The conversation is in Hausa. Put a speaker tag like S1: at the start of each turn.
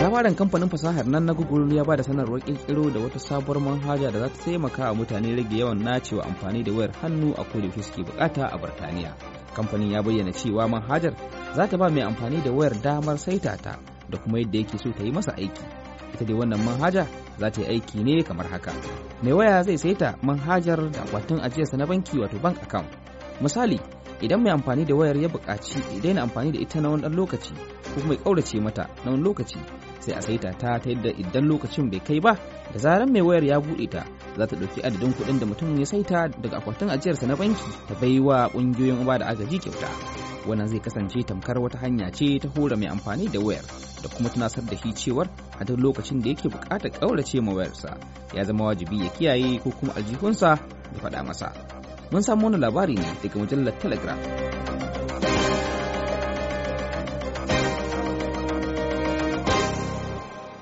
S1: Labarin kamfanin fasahar nan na Google ya bada sanarwar kirkiro da wata sabuwar manhaja da za ta taimaka wa mutane rage yawan nacewa amfani da wayar hannu a kodayaushe suke bukata a Birtaniya. Kamfanin ya bayyana cewa manhajar za ta ba mai amfani da wayar damar saita ta da kuma yadda yake so ta yi masa aiki. Ita dai wannan manhaja za ta yi aiki ne kamar haka. Mai waya zai saita manhajar da akwatin ajiyarsa na banki wato bank account. Misali, idan mai amfani da wayar ya buƙaci idan daina amfani da ita na wani ɗan lokaci ko mai kaurace ƙaurace mata na wani lokaci sai a saita ta ta yadda idan lokacin bai kai ba da zaran mai wayar ya buɗe ta za ta ɗauki adadin kuɗin da mutum ya saita daga akwatin ajiyarsa na banki ta bai wa ƙungiyoyin ba da agaji kyauta wannan zai kasance tamkar wata hanya ce ta hura mai amfani da wayar da kuma tunasar da shi cewar a duk lokacin da yake buƙatar ƙaurace ma wayarsa ya zama wajibi ya kiyaye ko kuma aljihunsa ya faɗa masa mun samu wani labari ne daga mujallar telegram